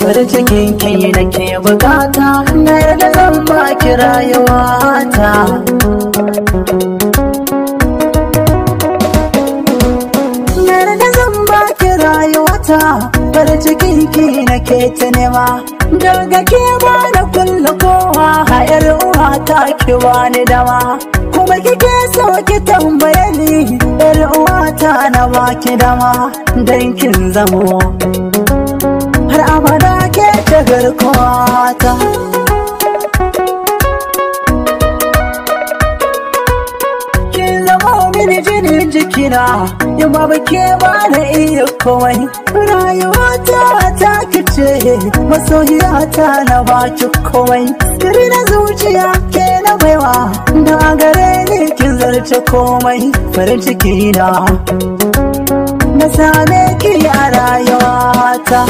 Bari cikin ki bukata na yarda zan baki rayuwa ta Na yarda zan baki rayuwata. bari cikin kiyi nake ta nema daga ke ba kulle kowa a yar uwata ta ki bani dama kuma kike so ki ta na baki dama don kin zamo har abada ke ta garkuwa ta mini jinin jikina ya babu bake ba na iya komai Rayuwata ta ta kice masoyiya ta na baki komai siri na zuciya ke na baiwa da gare ni kin zarce komai farin ciki na same ki a rayuwata.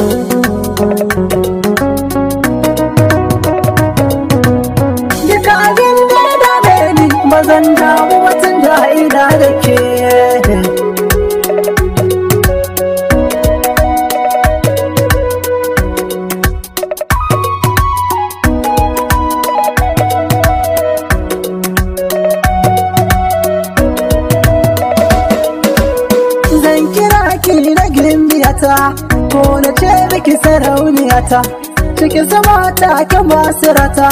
ki na biyata ko na ce miki sarauniyata cikin sama ta ke masu rata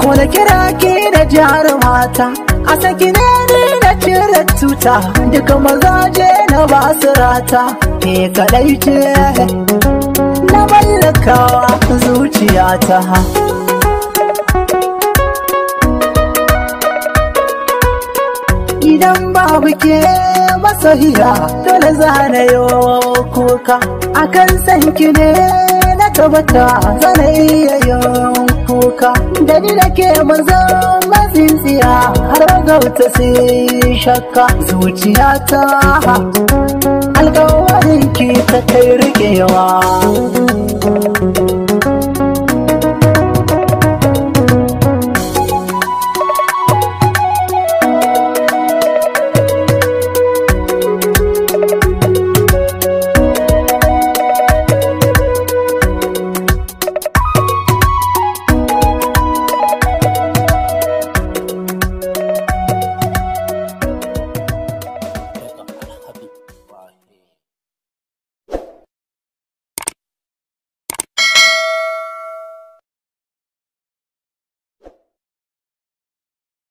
ko na kira ki da jarumata a saki ne ni na cire tuta duka je na basu rata ke kadai ce na mallakawa zuciyata idan babu ke masahiya dole zana yo kuka akan ki ne na tabbata zana iya yo kuka da ni nake manzo mazinsiya har gauta sai shakka zuciyata alƙawarin ki ta kai riƙewa